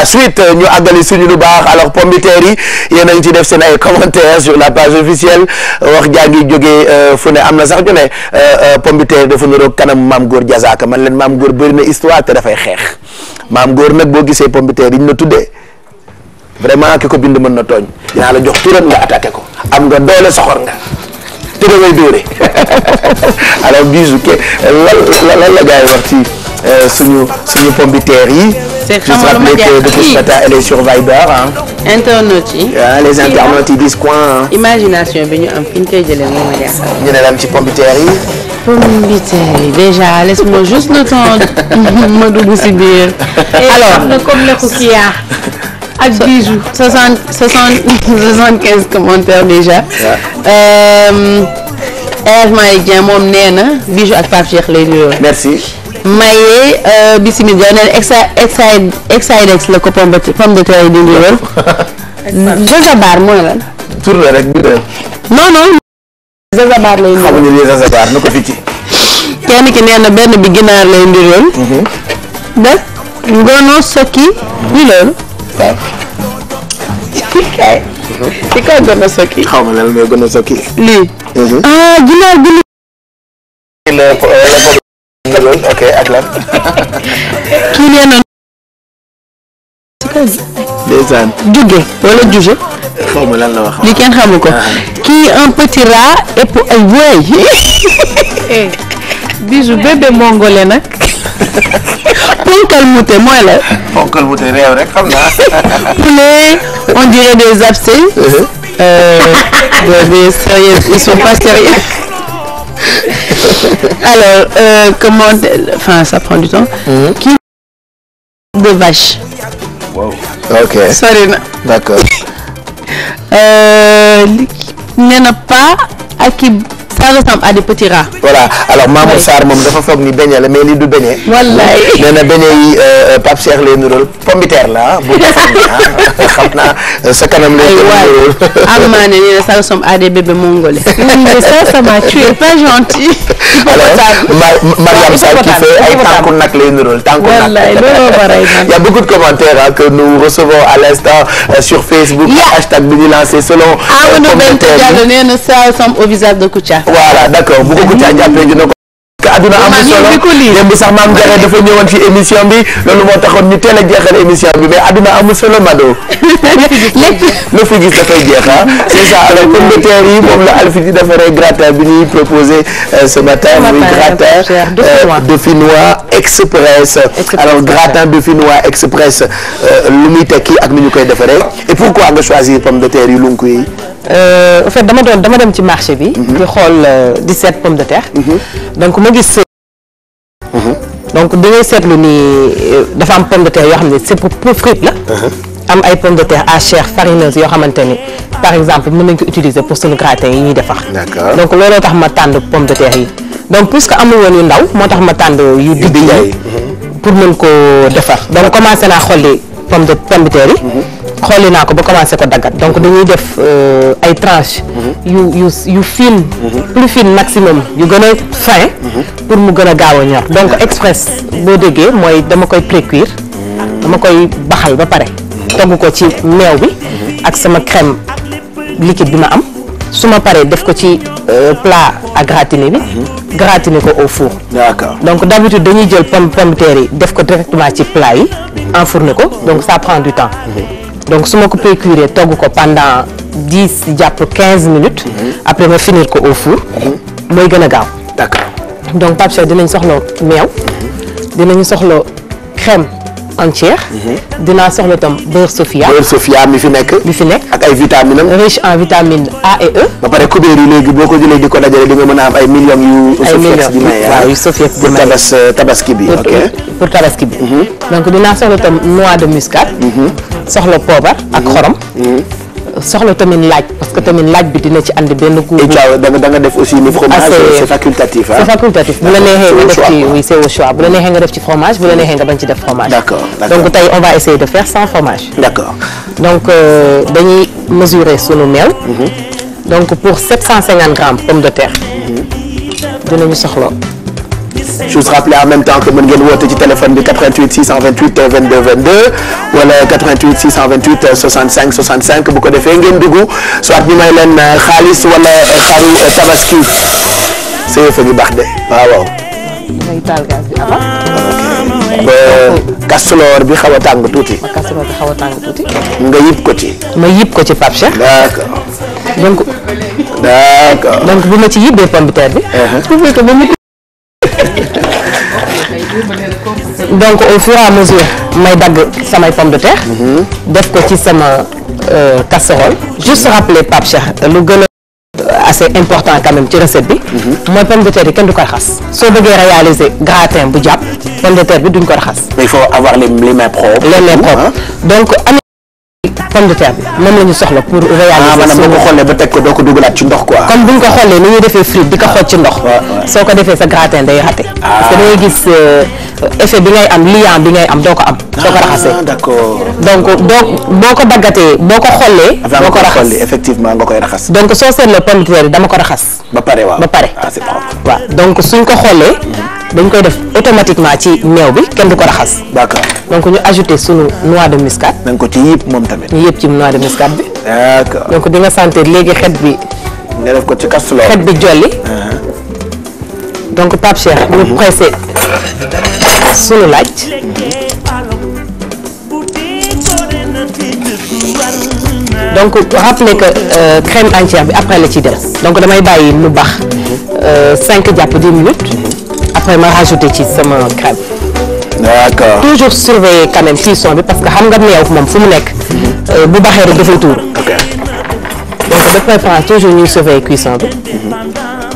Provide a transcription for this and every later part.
la suite ñu àggali suñu lu baax alors pombiteer yi yéen a ngi ci def seen ay commentaires sur la page officielle wax jaa ngi jógee euh, fu ne am na sax ñu ne euh, euh, pombiteer dafa niroog kanam maam góor jazaaka man leen maam góor bëri na histoire dafay xeex maam góor nag boo gisee pombiteer yi ñu la tuddee vraiment ki ko bind mën na tooñ dinaa la jox turam nga attaqué ko am nga doole soxor nga te da ngay dóore alors bisu ke lan la gars yi wax ci. Euh, suñu suñu pombiteer yi. c'est xam nga lu ma jàpp depuis ce matin elle est sur Viber ah. internautes yi. les internautes yi disent quoi imagination bi ñu am fi ñu koy jëlee moom ma jàpp. ñu ne la am ci pombiteer yi. pombiteer yi déjà laisse-moi juste le temps ma dugg si biir. alors na comme ne ko kii ak bijou soixante soixante soixante quinze commentaires déjà. waaw. Euh, na bijou ak lay maye euh, bisimilah nee na exide exidex la ko pomme de terre di wër. zazabar mooy lan. tur la rek bi rek. non non. lay nuyoo xamuñu ne zazabar na ko fi ginaar lay ndiroon. Mhm. loolu ok ak lan. kii nee na. ndeysaan. juge wala juge. xaw ma lan la wax. li kenn xamu ko. Ah. kii un petit rat et pour ay wéy. Eh, bisu bébé mongole nag. ponkal la. ponkal mute réew rek xam naa. poulet on dirait des abcès. bébé uh-huh. euh, sérieux alors euh, comment enfin ça prend mhm. de vache. wow ok sori na. d'accord. Euh, nee na pas ça ressemble à des petits rats. voilà alors Mamour Sarr moom dafa foog ni beñe la mais lii du beñe. wallaay nee na beñe yi euh, euh, Pape Cheikh lay nural pombiteer la ah. bu ko xam naa euh, sa kanam lay. aywaay Amane nee na ça ressemble à des bébés mongolais. mais ça ça m'a tué pas gentil. alors Mariam Sarr qui fait ay tànku nag lay nural tànku nag. wallaay looloo baray y a beaucoup de commentaires que nous recevons à l'instant sur Facebook. hashtag bi ñu lancé selon. Amadou Bente Diallo nee na ça ressemble au visage de Kouthia. voilà d'accord bu ko ko caa jàppee dina ko. ka àdduna am solo démb sax maam Jaara dafa ñëwoon ci émission bi loolu moo taxoon ñu teel a jeexal émission bi mais àdduna amul solo Mado. lu fi gis dafay jeex ah c'est ça alors pomme de terre yi moom la Alphie defaree gratin bi ñuy proposé euh, ce matin muy gratin dauphinois express alors gratin dauphinois express lu muy tekki ak nu ñu koy defaree et pourquoi nga choisir pomme de terre yi lu ngi koy en euh, fait dama doon dama dem ci marché bi. Mhm. di xool euh, di 17 pommes de terre. Mhm. donc ma gis. Mhm. donc da ngay seetlu ni euh, dafa am pomme de terre yoo xam ne c'est pour pour la. am ay pomme de terre à chair farineuse yoo xamante ni par exemple mën nañ ko utiliser pour suñu gratin yi ñuy defar. d'accord donc looloo tax ma tànn pomme de terre yi donc puisque amul woon yu ndaw moo tax ma tànn yu digg yi pour mën koo defar donc commencé naa xolli pomme de pomme de terre yi. xooli naa ko ba commencé ko daggat donc dañuy def euh, ay tranches. Mhm. yu yu yu fine mhm. plus fine maximum yu gën a fin mhm. pour mu gën a gaaw a ñor donc express boo déggee mooy dama koy précuire dama koy baxal ba pare togg ko ci meew bi ak sama crème liquide bi ma am su ma paree def ko ci euh, plat ak gratiner bi gratiner ko au four d'accord donc d'habitude dañuy jël pomme pomme terre yi def ko directement ci plat yi enfourner ko donc ça prend du temps donc su ma ko procurer togg ko pendant dix jàpp quinze minutes. Mhm. après ma finir ko au four. Mhm. mooy gën a gaaw. d'accord donc Pape Cheikh dinañ soxla meew. Mhm. dinañ soxla crème. en ceex. Mhm. dinaa soxla itam beurre Sofia. beurre Sofia mi fi nekk. mi fi nekk ak ay vitamines am. en vitamine A et E. ba pare kubéer yi léegi boo ko jëlee di ko dajale di nga mën a am ay millions yu. ay millions waaw yu Sofiex di may ah, pour tabaski bi mhm. donc dinaa soxla itam noix de muscade. Mhm. soxla poobar ak xorom. soxla tamit laaj parce que tamit laaj bi dina ci andi benn cours. nga def aussi ni fromage. Ah, c'est facultatif c'est facultatif bu la neexee nga def ci oui c'est au choix bu la neexee nga def ci fromage bu la neexee nga bañ ci def fromage. donc tey on va essayer de faire sans fromage. donc euh, dañuy mesurer sunu meew. Mm-hmm. donc pour grammes pomme de terre. Mm-hmm. dinañu soxla. je vous rappelle en même temps que mën ngeen woote ci téléphone bi 88 628 22 22 wala 88 628 65 65 bu ko defee ngeen dugg soit ñu may leen euh, xaalis wala euh, xaru euh, tabaski sa yëfa e gi baax de ah, waaw waaw. damay taal gaz bi ah, bi xaw a tàng tuuti. ba xaw a tàng tuuti. nga yib ko ci. ma yib ko ci Pape Cheikh. d'accord donc. d'accord donc ma ci yibee pomme de terre bi. Uh-huh. donc au fur à mesure may dagg samay pomme de terre. Mhm. def ko ci sama euh, casserole. juste rappeler Pape Cheikh lu gën a assez important quand même ci recette bi. Mhm. mooy pomme de terre yi kenn du ko raxas. soo bëggee réaliser gratin bu jàpp pomme de terre bi duñ ko raxas. il faut avoir les mains propres. les mains propres pomme de terre bi moom la ñu soxla pour réaliser. Ah, maanaam boo ko xoolee ba teg ko doo ko dugalaat ci ndox quoi. comme bu ko xoolee ni ñuy defee frite di ko xooj ci ndox. soo ko defee sa gratin day raté. parce que da gis euh, effet bi ngay am liant bi ngay am doo ko am. soo ko ah, raxasee donc boo ko daggatee boo ko ko raxas effectivement nga koy raxas. donc soo seetloo pomme de terre yi dama ko raxas. ba pare waaw ba pare. Ah, waaw donc suñ ko xoolee. dañ koy def automatiquement ci meew bi kenn du ko raxas. d'accord donc ñu ajouté sunu noix de muscade. nañ ko ci moom tamit. ñu yëpp ci noix de muscade bi. d'accord donc di nga sentir léegi xet bi. def ko ci casserole xet bi jolli. Uh-huh. donc Pape Cheikh ñu uh-huh. pressé sunu laaj. donc rappelez que euh, crème entière bi après la ciy dem. donc damay bàyyi mu baax. 5 euh, jàpp 10 minutes. après ma rajouté ci sama crème. d'accord toujours surveiller quand même cuisson bi parce que xam nga meew moom fu mu nekk. Euh, bu baxee rek dafay donc de préférence toujours ñuy surveiller cuisson bi.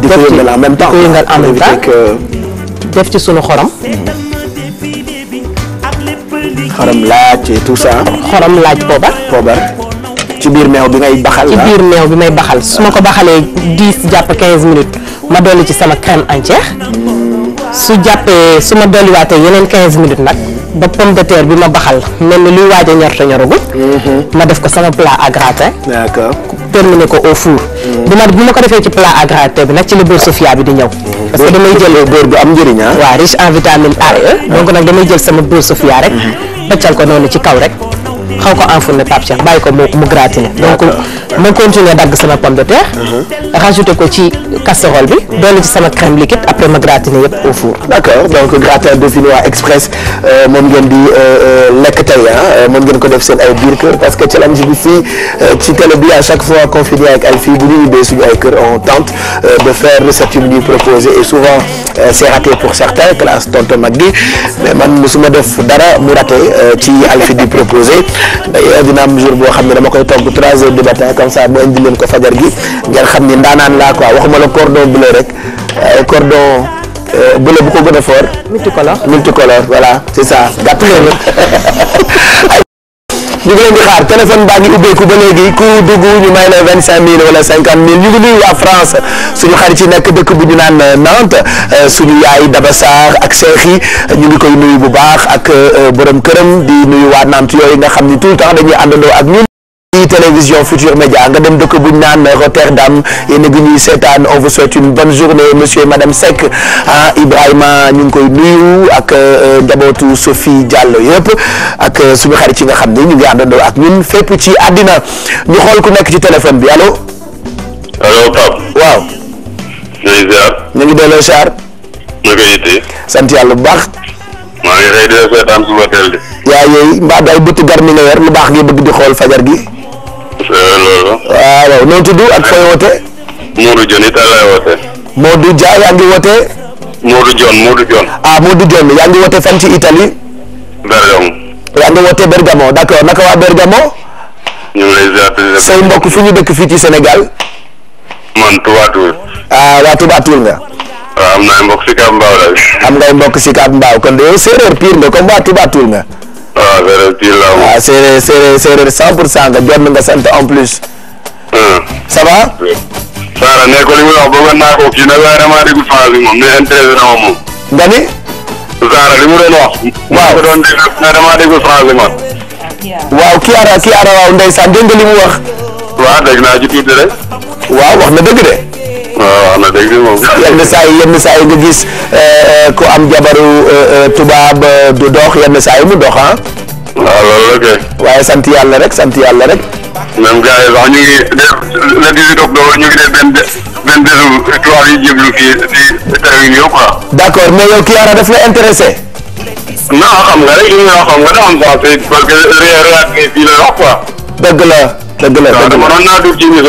di ko yëngal en def ci sunu xorom. xorom laaj et tout ça. ci biir me bi ngay baxal. bi may baxal su ma ko baxalee minutes ma dolli ci sama crème entière. su jàppee su ma dolliwaatee yeneen 15 minutes nag ba pomme de terre bi ma baxal mel ni luy waaj a ñor te mm-hmm. ma def ko sama plat à gratin. d'accord terminer ko au four. Mm-hmm. bu ma bu ma ko defee ci plat à gratin bi nag ci la beurre sofia bi di ñëw. Mm-hmm. parce que damay jël beurre bu am njëriñ ah. waaw riche en vitamine A et E ah. donc nag damay jël sama beurre sofia rek. bëccal ko noonu ci kaw rek. xaw ko enfourné Pape Cheikh bàyyi ko mu mu gratiné donc ma continuer dagg sama pomme de terre. Mhm. rajouté ko ci casserole bi. dolli ci sama crème liquide après ma gratiné yëpp au four. d' accord donc gratin dauphinois express euh, moom ngeen di euh, euh, lekk tey ah moom ngeen ko def seen ay biir kër parce que challenge bi fii ci télé bi à chaque fois confiné ak ay fii bu ñu ubbee suñu ay kër on tente de faire recette yu ñuy proposé et souvent c' est raté pour certains classe tonton Magui mais man mosuma def dara mu raté ci Alfie di proposé. d'ailleurs dina am jour boo xam ne dama koy togg 3 heures du matin comme ça ba indi leen ko fajar gi ngeen xam ni ndaanaan laa quoi waxuma la cordon bleu rek cordon euh, bleu bu ko gën a fort multicolore multicolore voilà c'est ça gàtt leen ñu ngi leen di xaar téléphone baa ngi ubbeeku ba léegi ku dugg ñu may la vingt cinq mille wala cinquante mille ñu ngi nuyu waa France suñu xarit yi nekk dëkk bu ñu naan Nantes euh, suñu yaay Daba ak Cheikh yi euh, ñu ngi koy nuyu bu baax ak euh, borom këram di nuyu waa Nantes yooyu nga xam ni tout le temps dañuy àndandoo ak ñun. fii télévision Futur Média nga dem dëkk buñ naan Rotterdam yéen a ngi ñuy seetaan on vous souhaite une bonne journée monsieur et madame Seck ah Ibrahima ñu ngi koy nuyu ak euh, njabootu Sophie Diallo yëpp ak euh, suñu xarit yi nga xam ne ñu ngi àndandoo ak ñun fépp ci àddina ñu xool ku nekk ci téléphone bi alo allo Pape. waaw. ñu ngi ziar. ñu ngi sant yàlla bu baax. maa ngi xëy di la yooyu mbaa daay bëtt mi nga yor lu baax ngi bëgg di xool fajar gi. loolu. waaw noo tudd ak fooy wootee. Modou Dione it laay wootee. Modou Dia yaa ngi wootee. Modou Dione Modou Dione. ah Modou Dione yaa ngi wootee fan ci Italie. Bergamo. naka waa Bergamo. ñu ngi lay ziar say mbokk fu ñu dëkk fii ci Sénégal. man Touba Toul. ah waa Touba Toul nga. waaw am na ay mbokk si Kab Mbaaw la. am ngay mbokk si Kab Mbaaw waaw ah, séeréer pire laa moom. waaw séeréer séeréer séeréer cent en plus. Hmm. ça va. Saara li muy wax bëggoon naa ko kii nag waaye damaa déglu na ma moom. nga ni. Saara li mu doon wax. waaw ko doon déglu ne damaa déglu phase bi man. waaw Kiara Kiara waaw ndeysaan dégg nga li mu wax. waaw dégg naa ci tuuti rek. waaw wax na dëgg de. waaw wax na dëgg moom. yenn saa yi yenn saa yi Euh, ku am jabaru euh, euh, tubaab du dox yenn saa yi mu dox ah. waaw loolu la kay. waaye sant yàlla rek sant yàlla rek. même gars yi wax ñu ngi def le 18 octobre ñu ngi def benn benn bésu tubaab yi jublu fii di traité ñëw quoi. d'accord mais yow Kiara daf la intéressé. non nga rek li nga la wax quoi. la dëgg la dëgg la waaw mënoon naa dugg ci émission bi rek.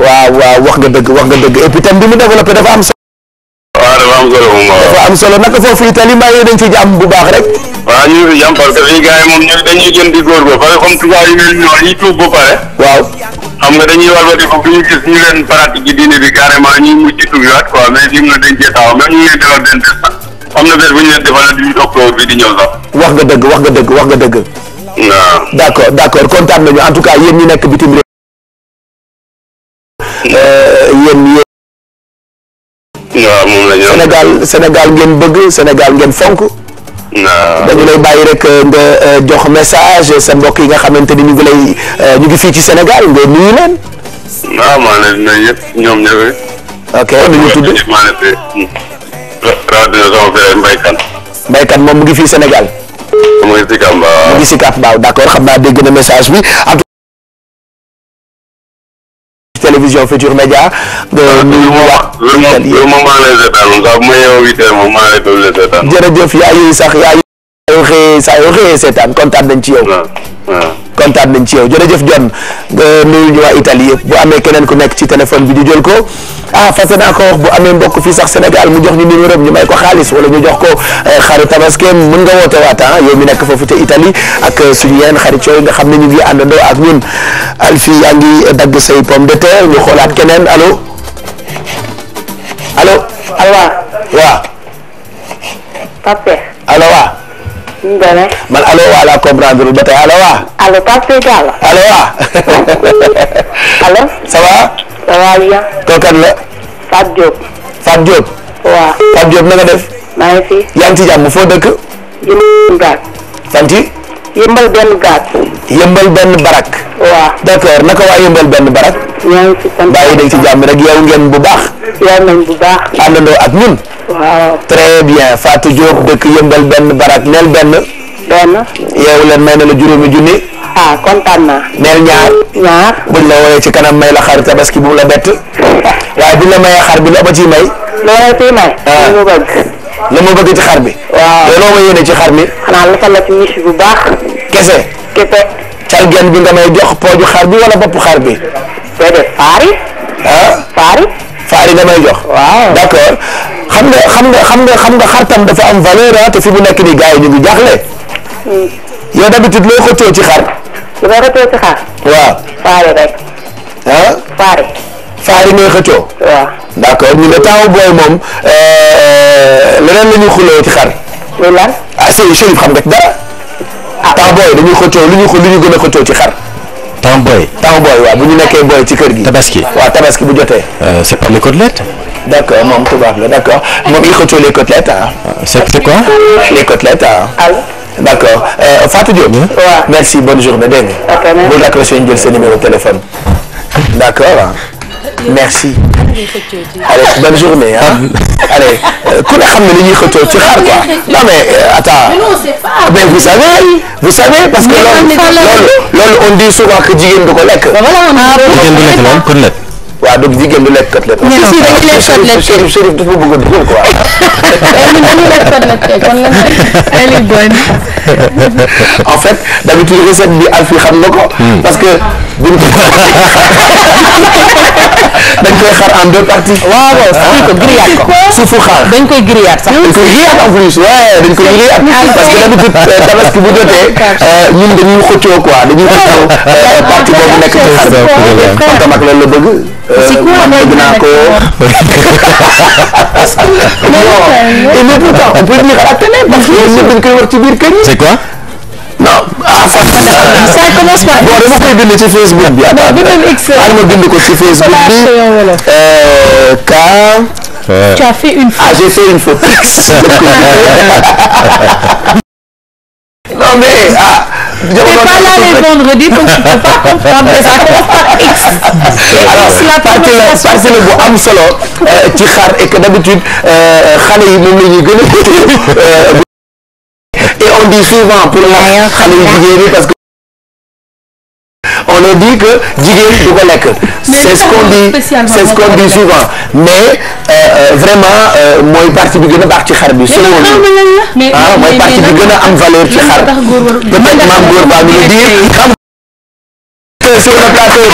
waaw wax nga dëgg wax nga dëgg et puis bi mu développé dafa am am solo moom waaw. dafa am solo naka foofu Italie mbaa yooyu dañ ci jàmm bu baax rek. waaw ñu ngi fi jàmm parce que fii gars yi moom di góorgóorlu parce que comme tubaab yi ba pare. waaw xam nga dañuy walbati ñu gis ñu leen pratique yi diine bi carrément ñuy mujj ci tubiwaat quoi mais fi mu ne dañ cee taxaw même ñu ngi leen defal benn test am na bés bu ñu leen defal la duñu octobre bi di ñëw sax. wax nga dëgg wax nga dëgg wax nga dëgg. waaw d' accord nañu en tout cas yéen ñi nekk bitim réew. Euh, yéen yéen. Sénégal senegal ngeen bëgg senegal ngeen fonk. dañu lay bàyyi rek euh, nga euh, jox message sa mbokk yi nga xamante ni ñu ngi lay euh, ñu ngi fii ci Sénégal nga nuyu di ñëpp ñoom ñëpp. ok nu ñu tudd maa ngi leen di rawatina sama frère Mbaye Kane. Mbaye moom mu ngi fii Sénégal. mu ngi si Kambaaw mu ngi si Kambaaw d' bi. télévision Futur Média. ñu wax lu ma maa leen seetaan saa bu ma yeewoo huit heures moom maa leen doon leen seetaan. jërëjëf yaa yi sax yaa yi. saa yoo xëyee saa yoo xëyee seetaan kontaan nañ ci yow. waaw waaw. kontaan nañ ci yow jërëjëf John nga ñu waa Italie yëpp bu amee keneen ku nekk ci téléphone bi ñu jël ko ah fàtte naa ko wax bu amee mbokk fii sax Sénégal mu jox ñu numéro ñu may ko xaalis wala ñu jox ko eh, xaru tabaskeem mën nga woote waat ah yow mi nekk foofu te Italie ak eh, suñu yeneen xarit yooyu nga xam ne ñu ngi àndandoo ak ñun Alfi yaa ngi dagg say pomme de terre ñu xoolaat keneen allo allo. allo waaw. waaw. Pape. allo waaw. dëgg man allo waa laa comprendre ba tey allo waa. allo Pape Seydou Diallo. waa. allo. ça va. la. Fatou Diop. Fatou Diop. waaw. Fatou Diop def. maa ngi jàmm foo dëkk. yëmbal yëmbal benn gaat. yëmbal benn barak. waaw d' accord naka waa yëmbal benn barak. yaa ngi ci sant jàmm rek yow ngeen bu baax. yar nañ bu baax. àndandoo ak ñun. waaw très bien Fatou Diop dëkk yëmbal benn barak neel benn. benn. yeewu leen may na la juróomi junni. ah kontaan naa. neel ñaar. ñaar buñ la wooyee ci kanam may la xar tabaski bu la bett. waaye buñ la mayee xar bi la ba ciy may. loolu ciy may. ah li mu bëgg. li mu bëgg ci xar bi. waaw te loo ma yéene ci xar mi. xanaa la fa la ci miche bu baax. kese. kese. cal genn bi nga may jox pooju xar bi wala bopp xar bi. déedéet faari. ah faari. faar yi damay jox. waaw d'accord xam nga xam nga xam nga xam nga xaritam dafa am valeur ah te fi mu nekk nii gars yi ñu ngi jaaxle. Hmm. yow d'habitude looy xëccoo ci xar. lu may xëccoo ci xar. waaw. faar yi rek. ah. faar yi. faar yi ngay xëccoo. waaw d'accord ñu ne taawu booy moom euh, leneen la ñuy xuloo ci xar. lu lan. ah xam nga dara. ta ah. taawu booy dañuy lu ñu lu ñu gën a xëccoo ci xar. temps booy. temps booy bu ñu nekkee booy ci kër gi. tabaski waaw tabaski bu jotee. Euh, c'est pas les côtelettes. d'accord moom tubaab la d'accord moom il faut les côtelettes ah. c'est quoi. les côtelettes ah. d'accord euh, Fatou Diop. merci bonne journée dégg nga. ok merci bu ñu jël sa téléphone. d'accord. merci. allez bonne journée ah. allez euh, ku ne xam ne li ñuy xëccoo ci xaar quoi non mais euh, attends ah, mais vous savez vous savez parce que loolu loolu on dit souvent que jigéen du ko lekk. Ah, jigéen du lekk loolu kon lekk. waa donc jigéen du lekk côtelette. ne ko dañuy lekk côtelette Chérif Chérif dafa bëgg a dugal quoi. dañuy lekk côtelette kon lan la bon. en fait d'habitude recette bi Alphie xam na hmm. parce que buñ ko. dañ koy xar en deux parties. waaw waaw ah. sax ko grillade ko. suufu xaar dañ koy grillade sax. dañ koy grillade en plus waaw dañ koy grillade. Ah, parce que d'habitude euh, tabaski bu jotee euh, ñun dañuy xëccoo quoi dañuy xëccoo oh, euh, partie boobu nekk ci xar bi. kon tamit loolu la bëgg. si ku ma bëgg naa ko. mais pourtant on peut dire à la télé parce que ñun dañ koy wax ci biir kër yi. c'est quoi. ah ça commence par bon dama koy bind ci Facebook bi. waaw ah, dama bind ko ci Facebook bi. car. Euh, tu as fait une faute. ah j'ai fait une faute. non mais ah. Je t'es pas là les vendredis donc tu peux pas comprendre mais ça commence par X. alors partie la bu am solo euh, ci xar et que d'habitude euh, xale yi moom la ñuy gën a souvent pour la yu jigéen yi on a dit que jigéen du ko c'est ce qu'on souvent mais euh, euh, vraiment euh, mooy partie bi gën a baax ci xar bi selon nous ah partie bi gën a am valeur ci xar peut dire xam sur le plateau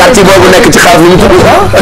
partie boobu nekk ci xar bi ñu tudd ah.